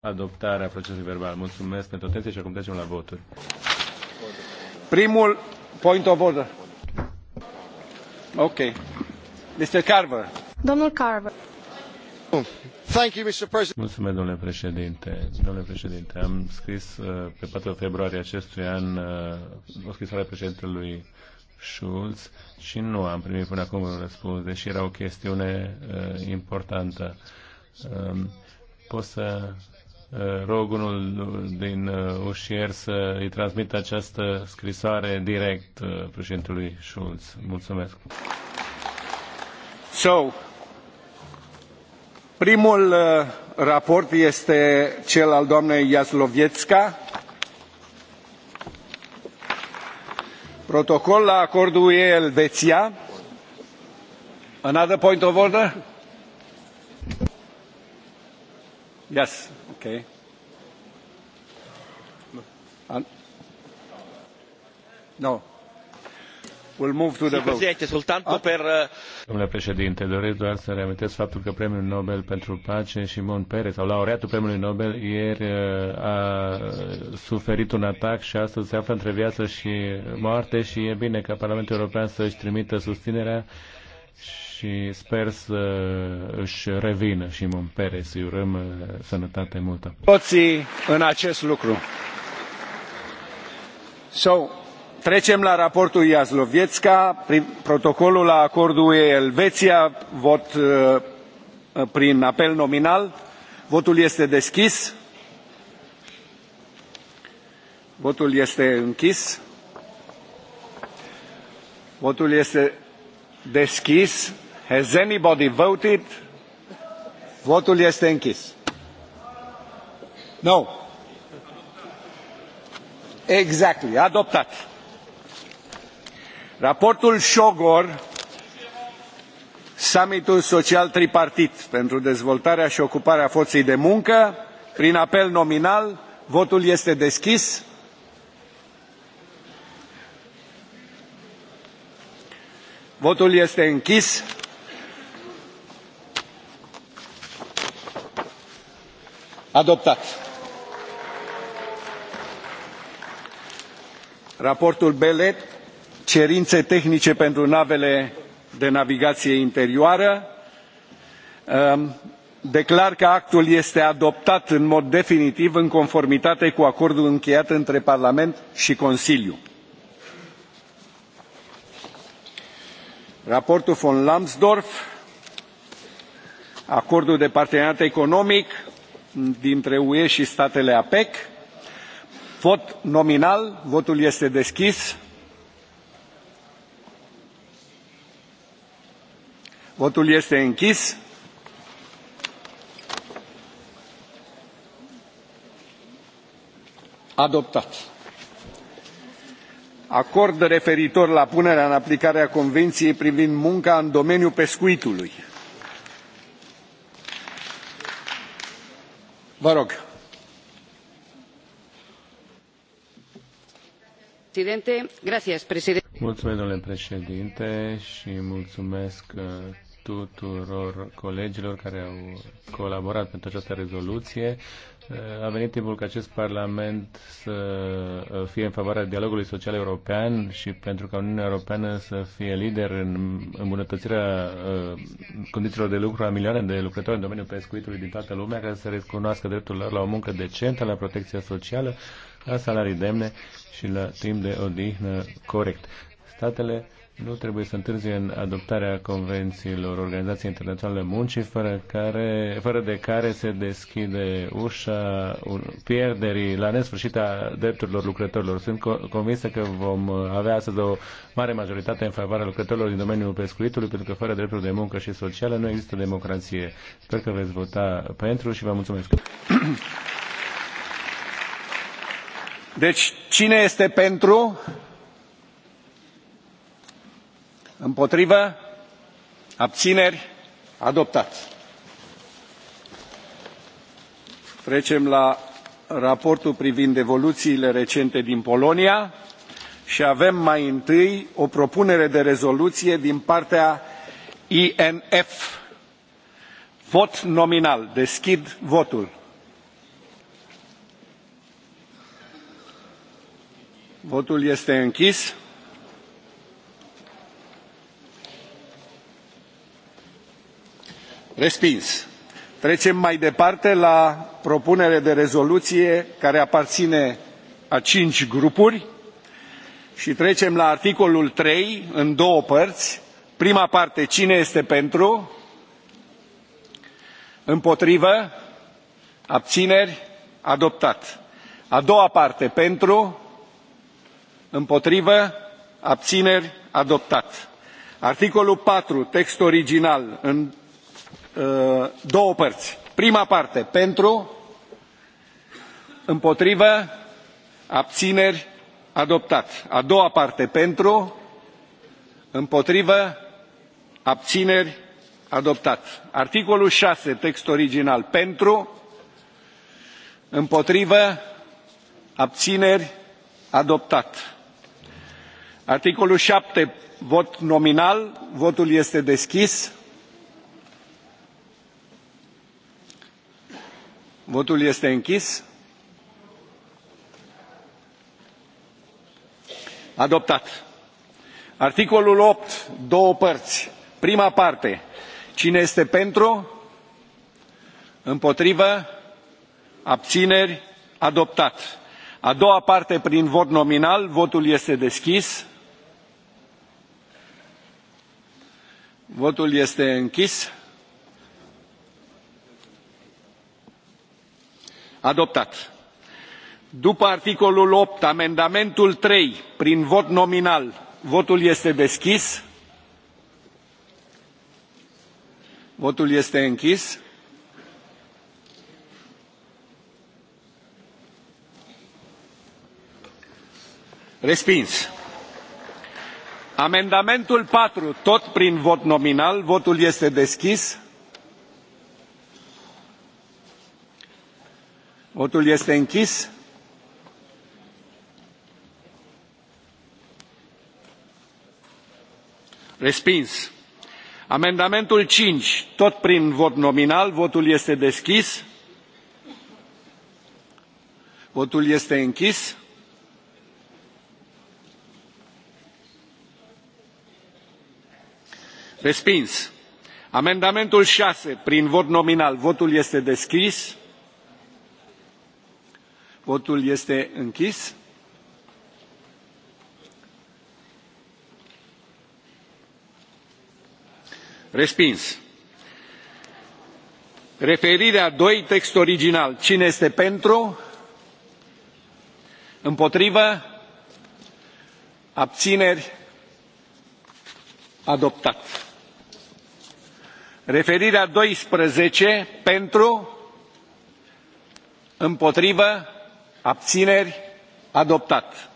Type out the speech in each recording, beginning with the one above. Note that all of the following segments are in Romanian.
adoptarea procesului verbal. Mulțumesc pentru atenție și acum trecem la voturi. Primul point of order. Ok. Mr. Carver. Domnul Carver. Oh, thank you, Mr. President. Mulțumesc, domnule președinte. Domnule președinte, am scris uh, pe 4 februarie acestui an uh, o scrisoare președintelui Schulz și nu am primit până acum un răspuns, deși era o chestiune uh, importantă. Um, pot să rogunul din uh, Ușier să îi transmită această scrisoare direct uh, președintelui Schulz. Mulțumesc. So, primul uh, raport este cel al doamnei Iaslovietska. Protocol la acordul UE Elveția. Another point of order? Yes, okay. no. We'll move to the vote. ah. per... Uh, Domnule președinte, doresc doar să reamintesc faptul că Premiul Nobel pentru Pace și Mon Perez, sau laureatul Premiului Nobel, ieri uh, a suferit un atac și astăzi se află între viață și moarte și e bine ca Parlamentul European să-și trimită susținerea și și sper să își revină și Mon să Îi urăm uh, sănătate multă. Toții în acest lucru. So, trecem la raportul Iazlovietska, protocolul la acordul Elveția, vot uh, uh, prin apel nominal. Votul este deschis. Votul este închis. Votul este deschis. Has anybody voted? Votul este închis. No. Exactly. Adoptat. Raportul Șogor, summitul social tripartit pentru dezvoltarea și ocuparea forței de muncă, prin apel nominal, votul este deschis. Votul este închis. adoptat. raportul belet cerințe tehnice pentru navele de navigație interioară ehm, declar că actul este adoptat în mod definitiv în conformitate cu acordul încheiat între parlament și consiliu. raportul von lambsdorff acordul de parteneriat economic dintre ue și statele apec vot nominal votul este deschis votul este închis adoptat acord referitor la punerea în aplicare a convenției privind munca în domeniul pescuitului Mulțumesc, domnule președinte, și mulțumesc uh, tuturor colegilor care au colaborat pentru această rezoluție a venit timpul ca acest Parlament să fie în favoarea dialogului social european și pentru ca Uniunea Europeană să fie lider în îmbunătățirea uh, condițiilor de lucru a milioane de lucrători în domeniul pescuitului din toată lumea, care să recunoască dreptul lor la o muncă decentă, la protecția socială, la salarii demne și la timp de odihnă corect. Statele nu trebuie să întârzie în adoptarea convențiilor Organizației Internaționale Muncii, fără, care, fără de care se deschide ușa pierderii la nesfârșit a drepturilor lucrătorilor. Sunt convinsă că vom avea astăzi o mare majoritate în favoarea lucrătorilor din domeniul pescuitului, pentru că fără drepturi de muncă și socială nu există democrație. Sper că veți vota pentru și vă mulțumesc. Deci, cine este pentru? împotrivă abțineri adoptat. trecem la raportul privind evoluțiile recente din polonia și avem mai întâi o propunere de rezoluție din partea inf. vot nominal deschid votul. votul este închis. respins. trecem mai departe la propunerea de rezoluție care aparține a cinci grupuri și trecem la articolul trei în două părți prima parte cine este pentru împotrivă abțineri adoptat a doua parte pentru împotrivă abțineri adoptat articolul patru text original în Uh, două părți. Prima parte pentru, împotrivă, abțineri, adoptat. A doua parte pentru, împotrivă, abțineri, adoptat. Articolul 6, text original, pentru, împotrivă, abțineri, adoptat. Articolul 7, vot nominal, votul este deschis. Votul este închis. Adoptat. Articolul 8, două părți. Prima parte. Cine este pentru? Împotrivă? Abțineri? Adoptat. A doua parte prin vot nominal. Votul este deschis. Votul este închis. adoptat. după articolul opt amendamentul trei prin vot nominal votul este deschis. votul este închis. respins. amendamentul patru tot prin vot nominal votul este deschis. Votul este închis. Respins. Amendamentul 5, tot prin vot nominal, votul este deschis. Votul este închis. Respins. Amendamentul 6, prin vot nominal, votul este deschis. Votul este închis. Respins. Referirea 2, text original. Cine este pentru? Împotrivă? Abțineri? Adoptat. Referirea 12, pentru? Împotrivă? abțineri, adoptat.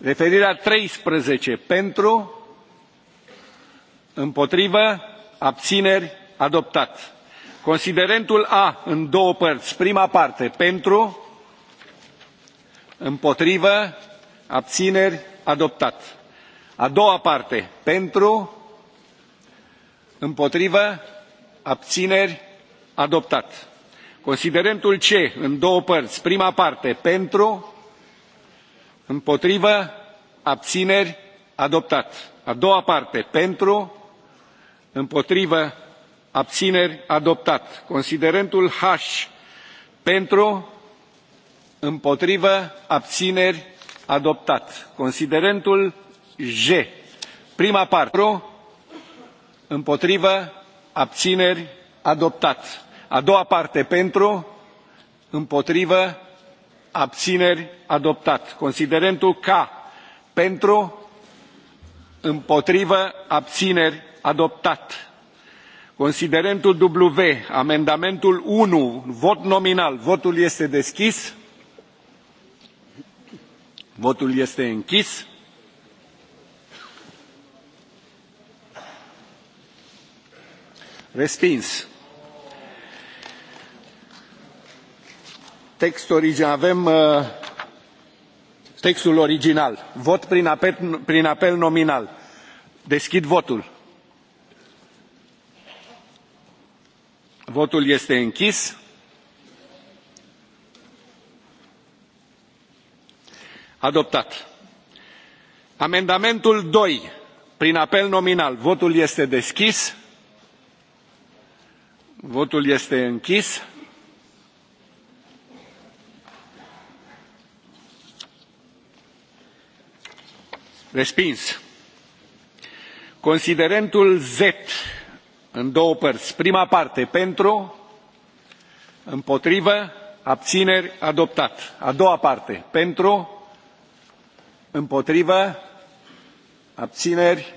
Referirea 13 pentru, împotrivă, abțineri, adoptat. Considerentul A în două părți. Prima parte pentru, împotrivă, abțineri, adoptat. A doua parte pentru, împotrivă, abțineri, adoptat Considerentul C, în două părți. Prima parte, pentru, împotrivă, abțineri, adoptat. A doua parte, pentru, împotrivă, abțineri, adoptat. Considerentul H, pentru, împotrivă, abțineri, adoptat. Considerentul J, prima parte, pentru, împotrivă, abțineri, adoptat a doua parte pentru împotrivă abțineri adoptat considerentul k pentru împotrivă abțineri adoptat considerentul w amendamentul unu vot nominal votul este deschis votul este închis respins avem uh, textul original vot prin apel nominal deschid votul votul este închis adoptat amendamentul doi prin apel nominal votul este deschis votul este închis Respins. Considerentul Z în două părți. Prima parte pentru, împotrivă, abțineri, adoptat. A doua parte pentru, împotrivă, abțineri,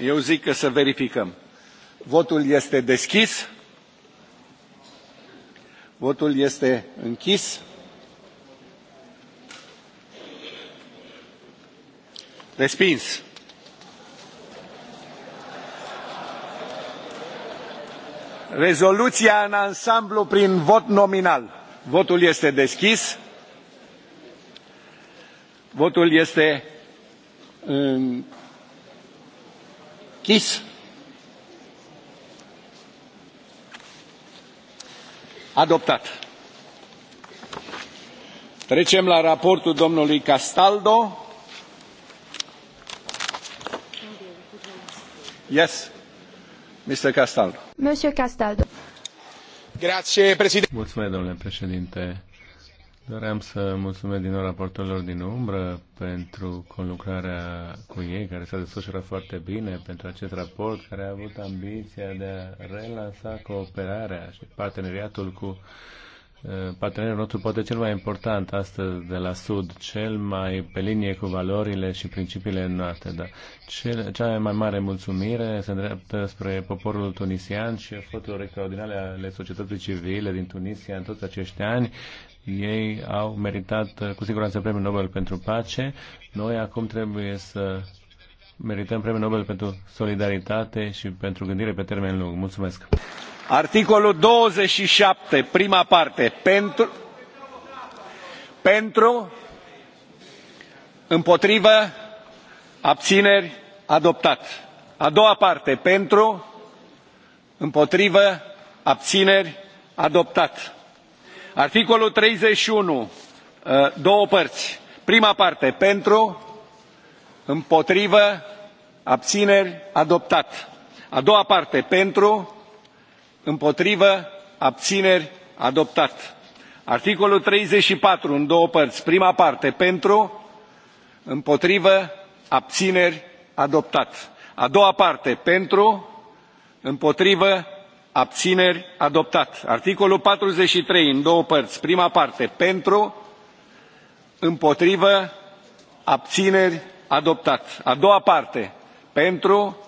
eu zic că să verificăm. Votul este deschis. Votul este închis. Respins. Rezoluția în ansamblu prin vot nominal. Votul este deschis. Votul este închis. Adoptat. Trecem la raportul domnului Castaldo Yes. Mr. Castaldo. Castaldo. Grazie, președinte. Mulțumesc, domnule președinte. Doream să mulțumesc din nou raportorilor din umbră pentru conlucrarea cu ei, care s-a desfășurat foarte bine, pentru acest raport care a avut ambiția de a relansa cooperarea și parteneriatul cu Eh, partenerul nostru poate cel mai important astăzi de la Sud, cel mai pe linie cu valorile și principiile noastre. Dar cel, cea mai mare mulțumire se îndreaptă spre poporul tunisian și eforturile extraordinare ale societății civile din Tunisia în toți acești ani. Ei au meritat eh, cu siguranță premiul Nobel pentru pace. Noi acum trebuie să merităm premiul Nobel pentru solidaritate și pentru gândire pe termen lung. Mulțumesc! Articolul 27, prima parte. Pentru, pentru împotrivă, abțineri, adoptat. A doua parte. Pentru, împotrivă, abțineri, adoptat. Articolul 31, ă, două părți. Prima parte. Pentru, împotrivă, abțineri, adoptat. A doua parte. Pentru, împotrivă abțineri adoptat articolul treizeci și patru în două părți prima parte pentru împotrivă abțineri adoptat a doua parte pentru împotrivă abțineri adoptat articolul patruzeci și trei în două părți prima parte pentru împotrivă abțineri adoptat a doua parte pentru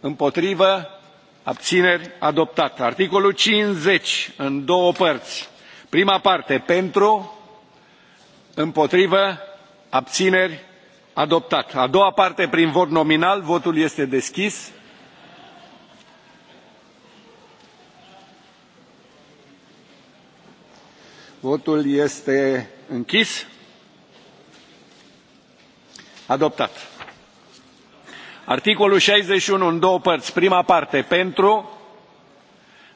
împotrivă abțineri adoptat. articolul cincizeci în două părți prima parte pentru împotrivă abțineri adoptat. a doua parte prin vot nominal votul este deschis. votul este închis. adoptat. Articolul 61 în două părți. Prima parte pentru,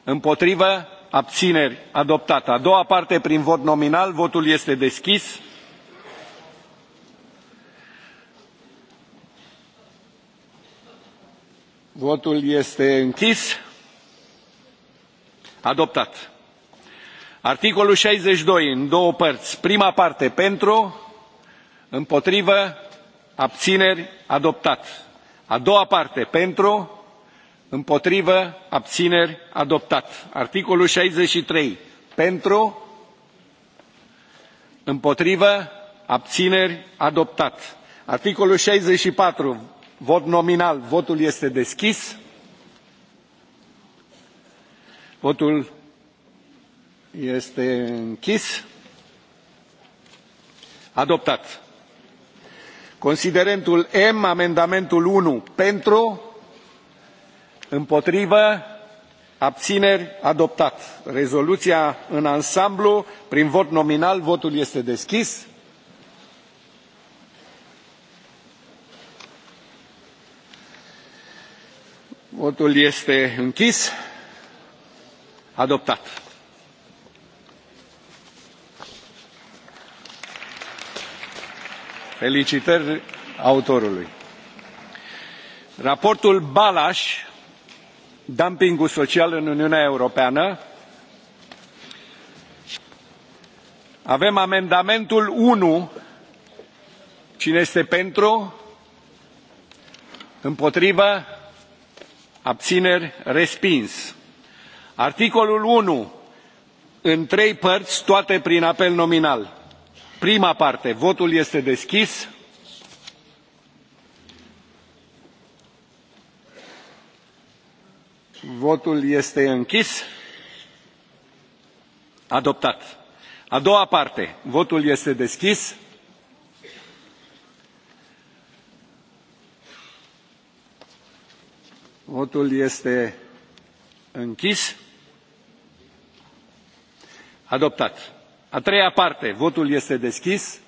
împotrivă, abțineri, adoptată. A doua parte prin vot nominal, votul este deschis. Votul este închis. Adoptat. Articolul 62 în două părți. Prima parte pentru, împotrivă, abțineri, adoptat a doua parte pentru împotrivă abțineri adoptat articolul șaizeci și trei pentru împotrivă abțineri adoptat articolul șaizeci și patru vot nominal votul este deschis votul este închis adoptat considerentul m amendamentul unu pentru împotrivă abțineri adoptat. rezoluția în ansamblu prin vot nominal votul este deschis. votul este închis. adoptat. felicitări autorului. raportul balas dumpingul social în uniunea europeană avem amendamentul unu cine este pentru împotrivă abțineri respins articolul unu în trei părți toate prin apel nominal prima parte votul este deschis. votul este închis. adoptat. a doua parte votul este deschis. votul este închis. adoptat a treia parte votul este deschis.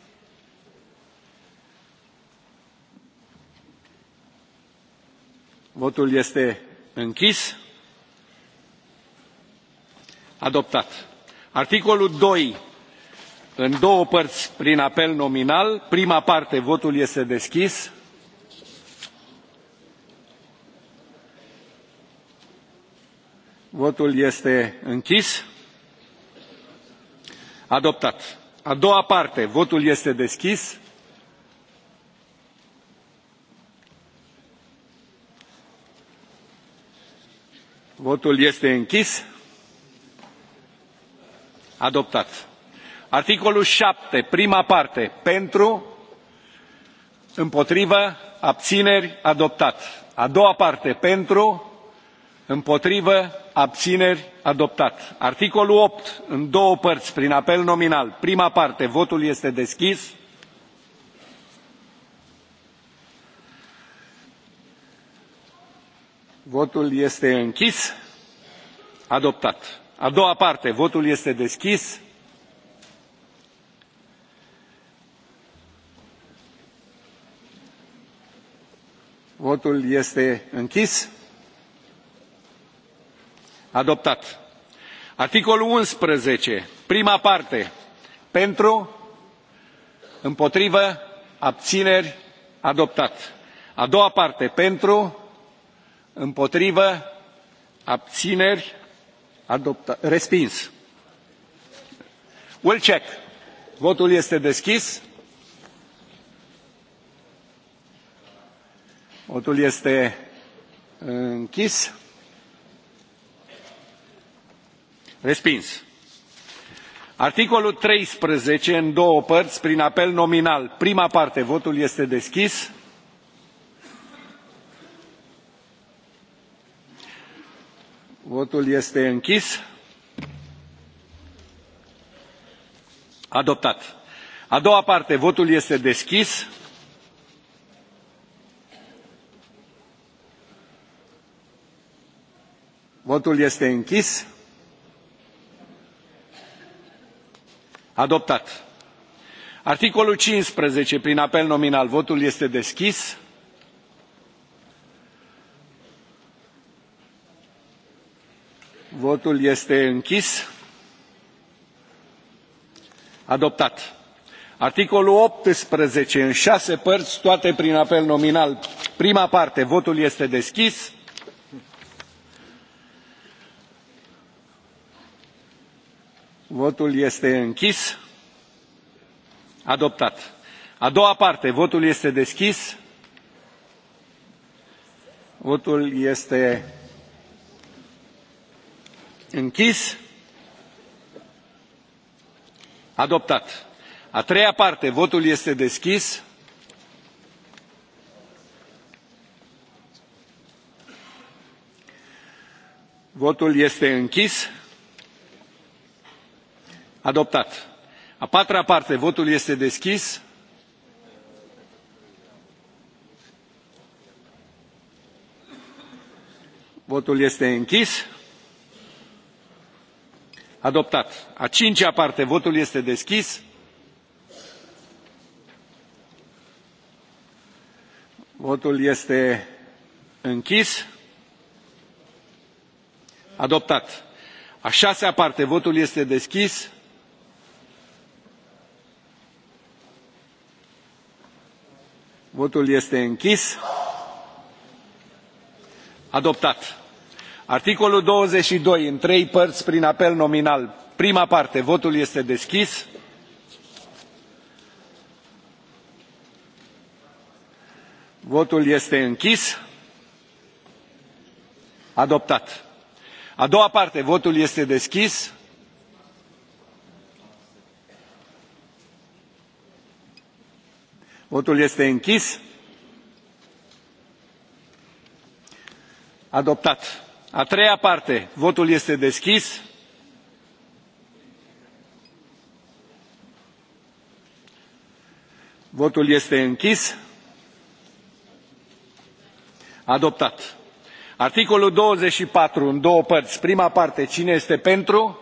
votul este închis. adoptat. articolul doi în două părți prin apel nominal prima parte votul este deschis. votul este închis adoptat. a doua parte votul este deschis. votul este închis. adoptat. articolul șapte prima parte pentru împotrivă abțineri adoptat. a doua parte pentru împotrivă abțineri adoptat. articolul opt în două părți prin apel nominal prima parte votul este deschis. votul este închis. adoptat. a doua parte votul este deschis. votul este închis adoptat. articolul unsprezece prima parte pentru împotrivă abțineri adoptat. a doua parte pentru împotrivă abțineri respins. We'll check. votul este deschis. votul este închis. Respins. Articolul treisprezece în două părți prin apel nominal. Prima parte, votul este deschis. Votul este închis. Adoptat. A doua parte, votul este deschis. Votul este închis. adoptat. articolul cincisprezece prin apel nominal votul este deschis. votul este închis. adoptat. articolul optsprezece în șase părți toate prin apel nominal prima parte votul este deschis. votul este închis adoptat a doua parte votul este deschis votul este închis adoptat a treia parte votul este deschis votul este închis adoptat. a patra parte votul este deschis. votul este închis. adoptat. a cincea parte votul este deschis. votul este închis. adoptat. a șasea parte votul este deschis. Votul este închis. Adoptat. Articolul 22, în trei părți, prin apel nominal. Prima parte, votul este deschis. Votul este închis. Adoptat. A doua parte, votul este deschis. votul este închis adoptat. a treia parte votul este deschis votul este închis adoptat. articolul douăzeci și patru în două părți prima parte cine este pentru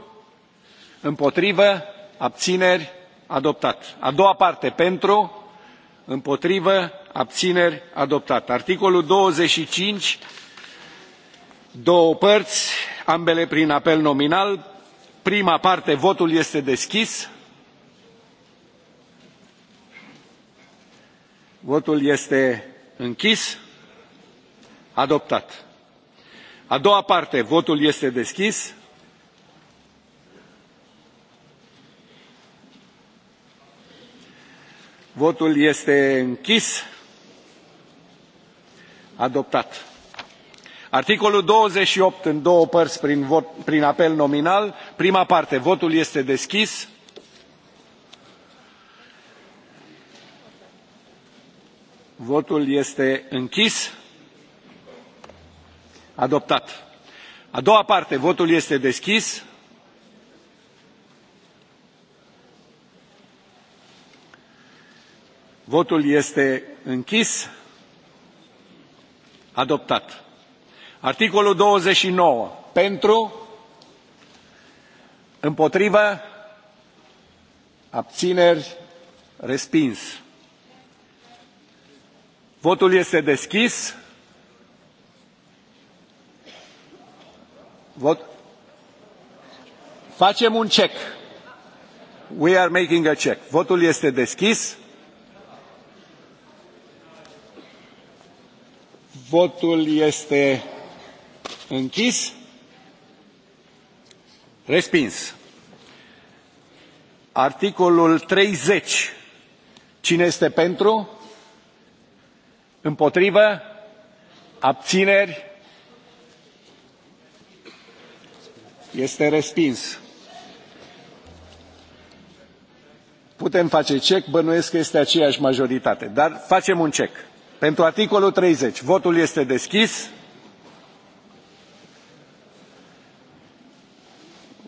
împotrivă abțineri adoptat. a doua parte pentru împotrivă abțineri adoptat. articolul douăzeci și cinci două părți ambele prin apel nominal prima parte votul este deschis votul este închis adoptat. a doua parte votul este deschis Votul este închis. Adoptat. Articolul 28 în două părți prin, vot, prin apel nominal. Prima parte, votul este deschis. Votul este închis. Adoptat. A doua parte, votul este deschis. votul este închis adoptat articolul douăzeci și nouă pentru împotrivă abțineri respins votul este deschis Vot. facem un check we are making a check votul este deschis Votul este închis. Respins. Articolul 30. Cine este pentru? Împotrivă? Abțineri? Este respins. Putem face cec, bănuiesc că este aceeași majoritate, dar facem un cec. Pentru articolul 30, votul este deschis.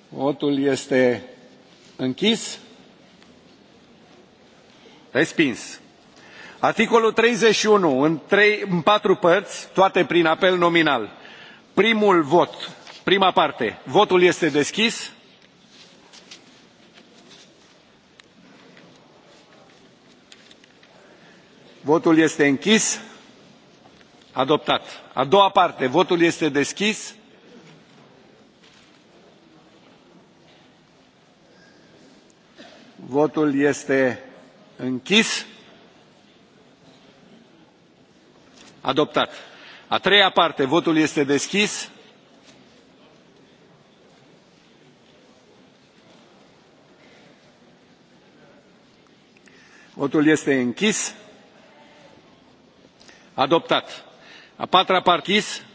Votul este închis. Respins. Articolul 31, în, trei, în patru părți, toate prin apel nominal. Primul vot, prima parte, votul este deschis. votul este închis adoptat a doua parte votul este deschis votul este închis adoptat a treia parte votul este deschis votul este închis adoptat. a patra partis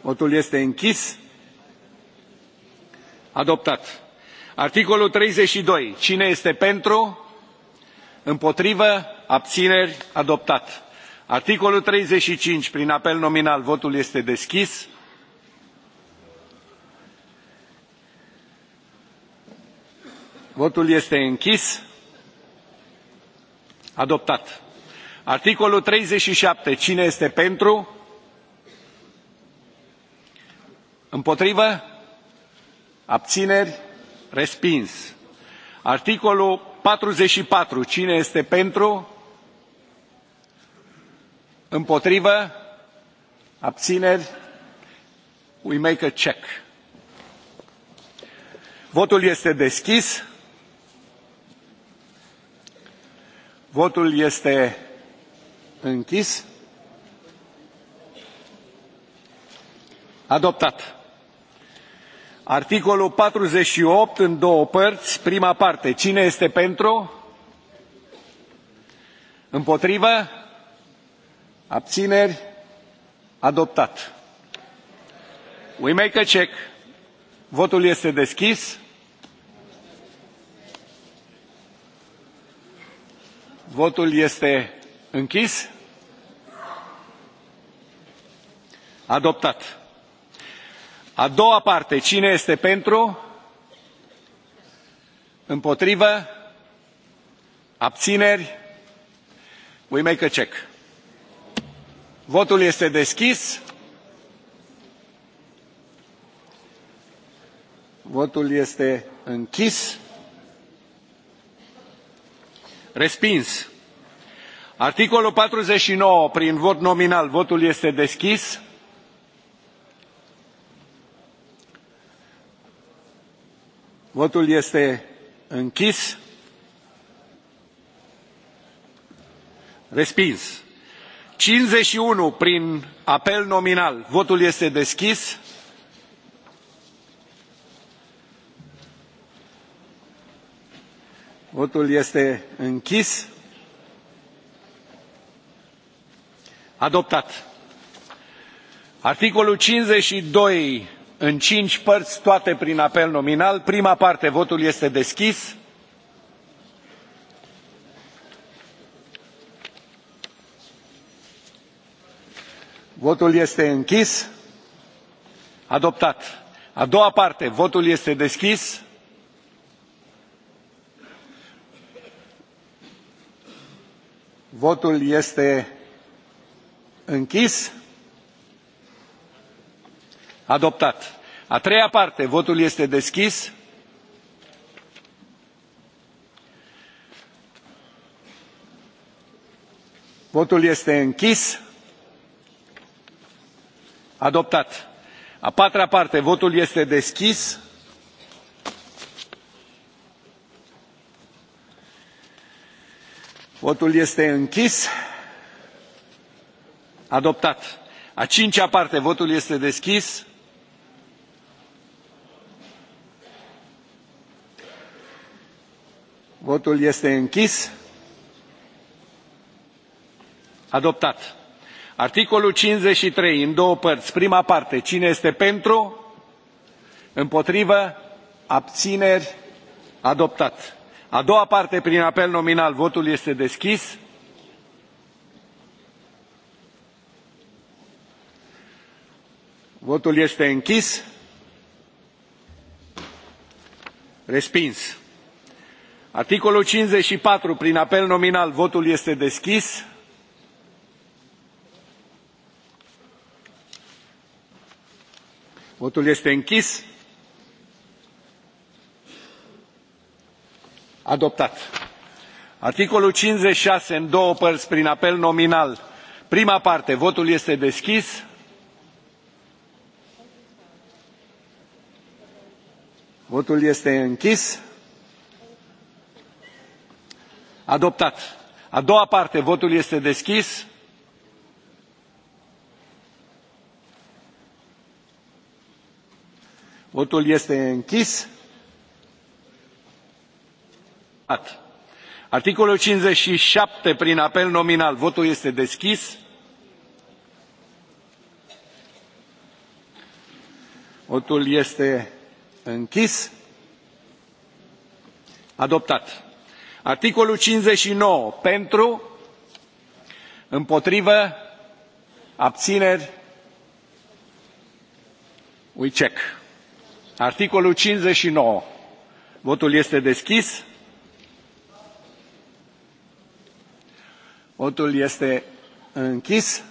votul este închis. adoptat. articolul treizeci și doi cine este pentru? împotrivă? abțineri? adoptat. articolul treizeci și cinci prin apel nominal votul este deschis. Votul este închis. Adoptat. Articolul 37. Cine este pentru? Împotrivă? Abțineri? Respins. Articolul 44. Cine este pentru? Împotrivă? Abțineri? We make a check. Votul este deschis. Votul este închis. Adoptat. Articolul 48 în două părți. Prima parte. Cine este pentru? Împotrivă? Abțineri? Adoptat. We make a check. Votul este deschis. Votul este închis. Adoptat. A doua parte. Cine este pentru? Împotrivă? Abțineri? We make a check. Votul este deschis. Votul este închis. Respins. Articolul 49, prin vot nominal, votul este deschis. Votul este închis. Respins. 51, prin apel nominal, votul este deschis. Votul este închis. Adoptat. Articolul 52 în cinci părți, toate prin apel nominal. Prima parte, votul este deschis. Votul este închis. Adoptat. A doua parte, votul este deschis. Votul este închis. Adoptat. A treia parte. Votul este deschis. Votul este închis. Adoptat. A patra parte. Votul este deschis. votul este închis adoptat a cincea parte votul este deschis votul este închis adoptat articolul 53, în două părți prima parte cine este pentru împotrivă abțineri adoptat a doua parte prin apel nominal. Votul este deschis. Votul este închis. Respins. Articolul 54 prin apel nominal. Votul este deschis. Votul este închis. adoptat. articolul cincizeci și șase în două părți prin apel nominal prima parte votul este deschis. votul este închis. adoptat. a doua parte votul este deschis. votul este închis At. Articolul 57 prin apel nominal. Votul este deschis. Votul este închis. Adoptat. Articolul 59 pentru, împotrivă, abțineri, we check. Articolul 59. Votul este deschis. Votul este închis.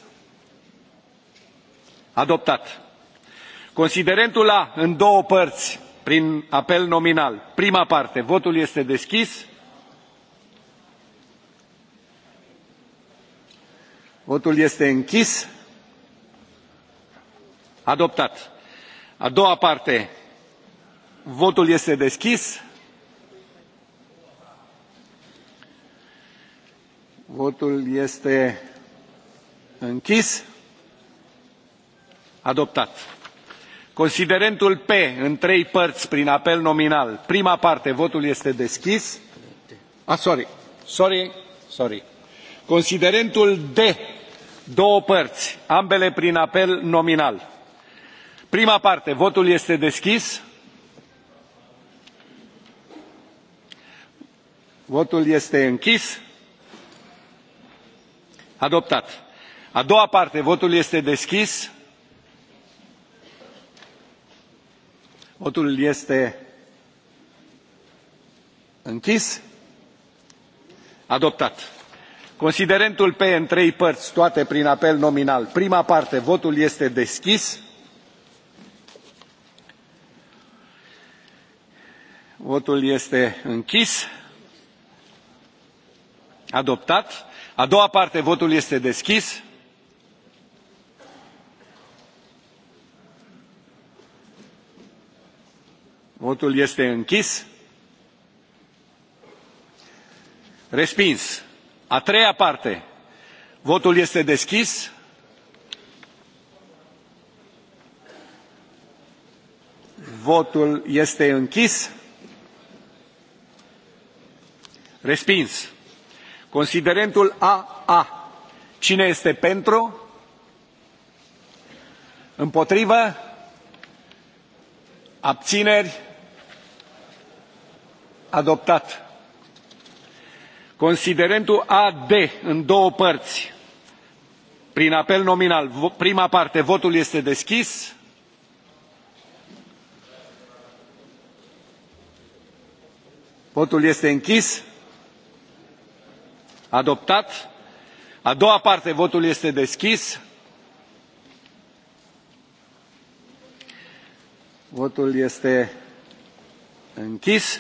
Adoptat. Considerentul A în două părți, prin apel nominal. Prima parte, votul este deschis. Votul este închis. Adoptat. A doua parte, votul este deschis. Votul este închis. Adoptat. Considerentul P în trei părți prin apel nominal. Prima parte, votul este deschis. Ah, sorry. Sorry, sorry. Considerentul D, două părți, ambele prin apel nominal. Prima parte, votul este deschis. Votul este închis adoptat. a doua parte votul este deschis. votul este închis. adoptat. considerentul p în trei părți toate prin apel nominal. prima parte votul este deschis. votul este închis. adoptat a doua parte votul este deschis. votul este închis. respins. a treia parte votul este deschis. votul este închis. respins Considerentul AA. Cine este pentru? Împotrivă? Abțineri? Adoptat. Considerentul AD în două părți. Prin apel nominal. Prima parte, votul este deschis. Votul este închis adoptat. a doua parte votul este deschis. votul este închis.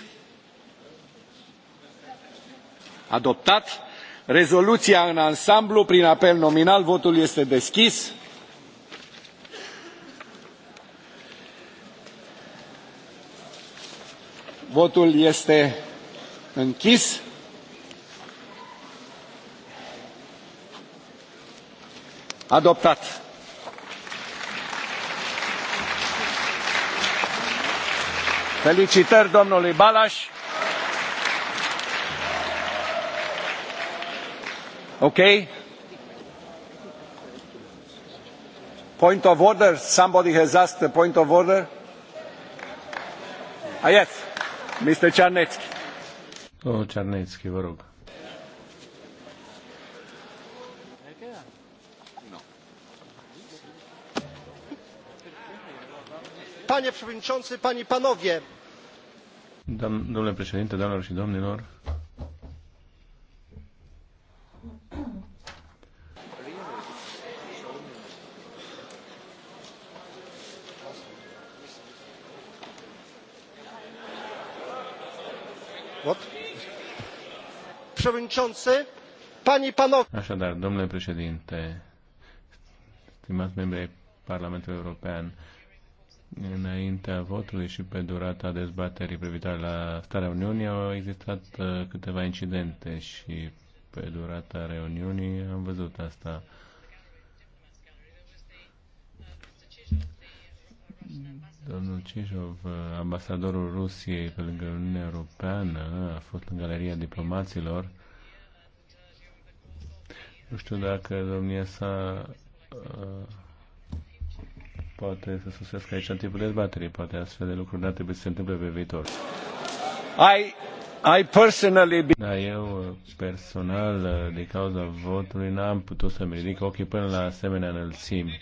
adoptat. rezoluția în ansamblu prin apel nominal votul este deschis. votul este închis. adoptat. felicitări domnului balas ok point of order somebody has asked the point of order ah, yes mr czarnecki domnul czarnecki vă rog panie przewodniczący panie i panowie! domnule președinte doamnelor și domnilor przewodniczący panie i panowie! așadar domnule președinte stimați membri ai parlamentului european Înaintea votului și pe durata dezbaterii privitoare la starea Uniunii au existat uh, câteva incidente și pe durata reuniunii am văzut asta. Domnul Cijov, uh, ambasadorul Rusiei pe lângă Uniunea Europeană, a fost în Galeria Diplomaților. Nu știu dacă domnia sa uh, poate să susească aici în timpul dezbaterii. Poate astfel de lucruri n-ar trebui să se întâmple pe viitor. I, I personally... Da, eu personal, din cauza votului, n-am putut să-mi ridic ochii până la asemenea înălțimi.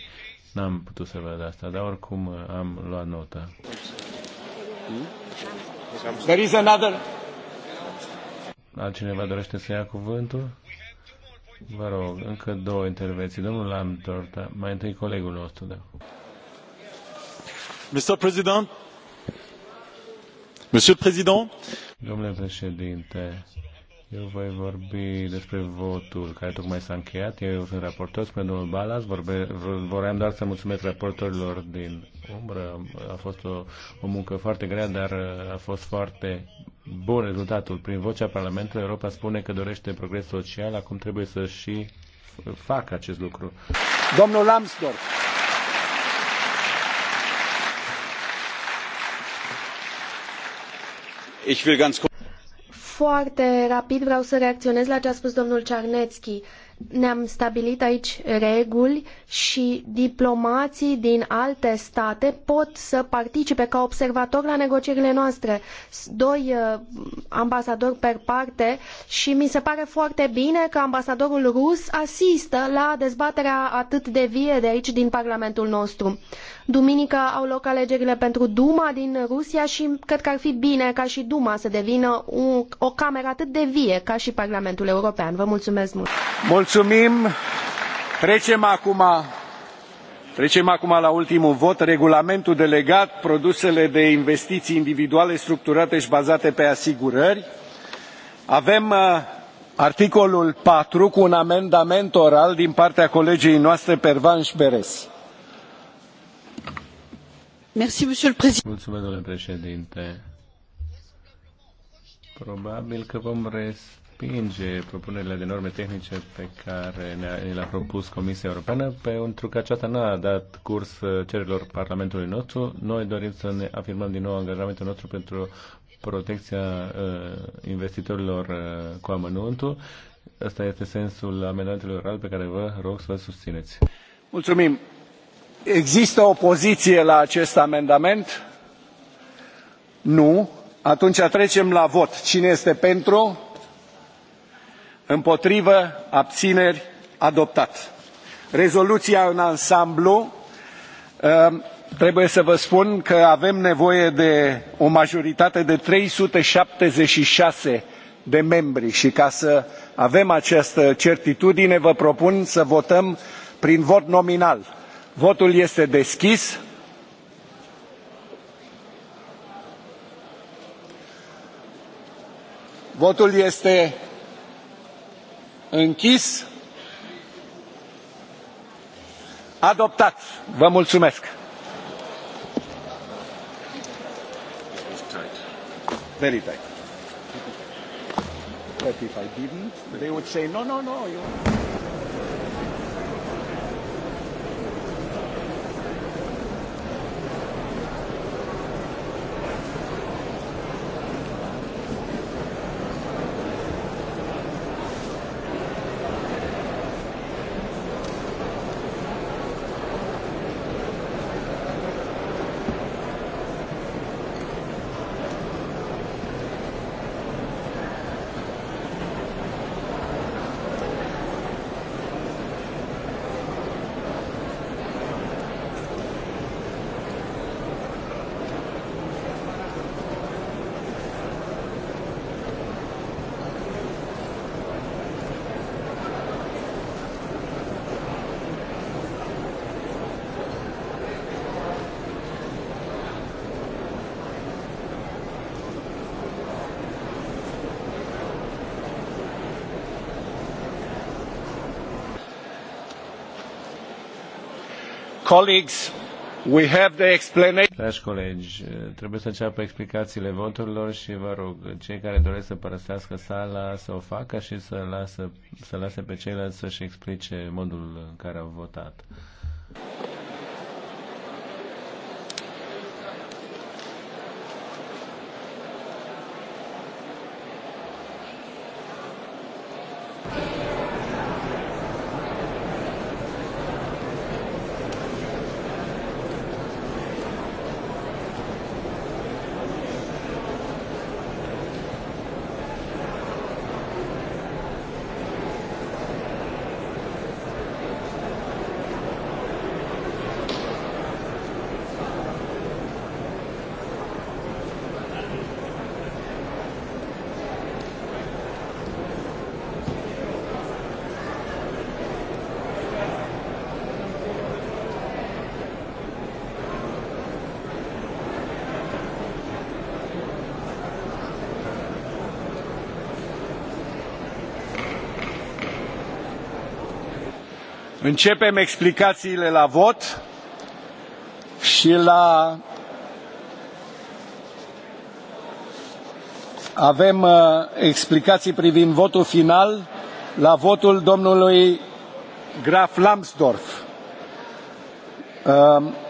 N-am putut să văd asta, dar oricum am luat nota. There is another... Altcineva dorește să ia cuvântul? Vă rog, încă două intervenții. Domnul Lambdorta, mai întâi colegul nostru. Da. Domnule președinte, eu voi vorbi despre votul care tocmai s-a încheiat. Eu sunt raportor, spre domnul Balas. Vorbe, voream doar să mulțumesc raportorilor din umbră. A fost o, o muncă foarte grea, dar a fost foarte bun rezultatul. Prin vocea Parlamentului, Europa spune că dorește progres social. Acum trebuie să și facă acest lucru. Domnul Lambsdorff. Foarte rapid vreau să reacționez la ce a spus domnul Czarnecki ne-am stabilit aici reguli și diplomații din alte state pot să participe ca observatori la negocierile noastre. Doi uh, ambasadori per parte și mi se pare foarte bine că ambasadorul rus asistă la dezbaterea atât de vie de aici din Parlamentul nostru. Duminică au loc alegerile pentru Duma din Rusia și cred că ar fi bine ca și Duma să devină o cameră atât de vie ca și Parlamentul European. Vă mulțumesc mult! Mulțumesc. Mulțumim. Trecem acum, trecem acum la ultimul vot, regulamentul delegat, produsele de investiții individuale structurate și bazate pe asigurări. Avem uh, articolul patru cu un amendament oral din partea colegei noastre Pervanș Beres. Mulțumesc, domnule președinte. Probabil că vom respinge respinge propunerile de norme tehnice pe care ne le-a propus Comisia Europeană, pentru că aceasta n-a dat curs uh, cererilor Parlamentului nostru. Noi dorim să ne afirmăm din nou angajamentul nostru pentru protecția uh, investitorilor uh, cu amănuntul. Asta este sensul amendamentelor oral pe care vă rog să vă susțineți. Mulțumim. Există opoziție la acest amendament? Nu. Atunci trecem la vot. Cine este pentru? împotrivă abțineri adoptat. rezoluția în ansamblu um, trebuie să vă spun că avem nevoie de o majoritate de 376 de membri și ca să avem această certitudine vă propun să votăm prin vot nominal. votul este deschis. votul este închis. Adoptat. Vă mulțumesc. Very tight. But if I didn't, they would say, no, no, no. You... Colleagues, we have the explanation. Dragi colegi, trebuie să înceapă explicațiile voturilor și vă rog, cei care doresc să părăsească sala să o facă și să, lasă, să lase pe ceilalți să-și explice modul în care au votat. Începem explicațiile la vot și la... Avem uh, explicații privind votul final la votul domnului Graf Lambsdorff. Uh,